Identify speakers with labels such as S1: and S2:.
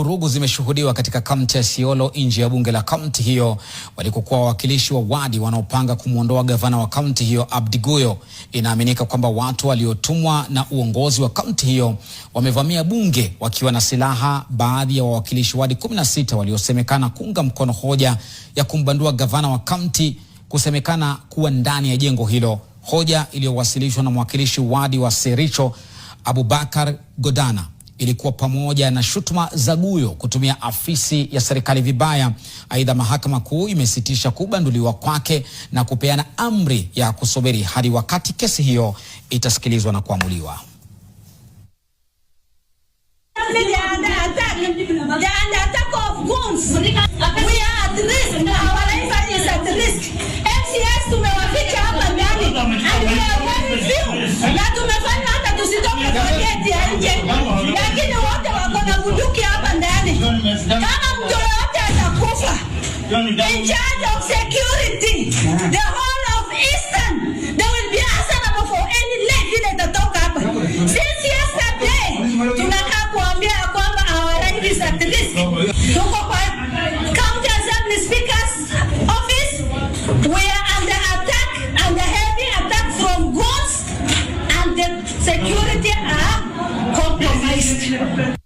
S1: Vurugu zimeshuhudiwa katika kaunti ya Isiolo nje ya bunge la kaunti hiyo walikokuwa wawakilishi wa wadi wanaopanga kumwondoa gavana wa kaunti hiyo Abdi Guyo. Inaaminika kwamba watu waliotumwa na uongozi wa kaunti hiyo wamevamia bunge wakiwa na silaha, baadhi ya wawakilishi wadi 16 waliosemekana kuunga mkono hoja ya kumbandua gavana wa kaunti kusemekana kuwa ndani ya jengo hilo, hoja iliyowasilishwa na mwakilishi wadi wa Sericho Abubakar Godana ilikuwa pamoja na shutuma za Guyo kutumia afisi ya serikali vibaya. Aidha, mahakama kuu imesitisha kubanduliwa kwake na kupeana amri ya kusubiri hadi wakati kesi hiyo itasikilizwa na kuamuliwa.
S2: Kama mtu yoyote atakufa, in charge of security, the whole of Eastern, there will be a asana for any lady that atatoka hapa. Since yesterday, tunakaa kuambia ya kwamba our right is at risk. do Tuko kwa County Assembly Speaker's office, we are under attack, under heavy attack from guns and the security are compromised.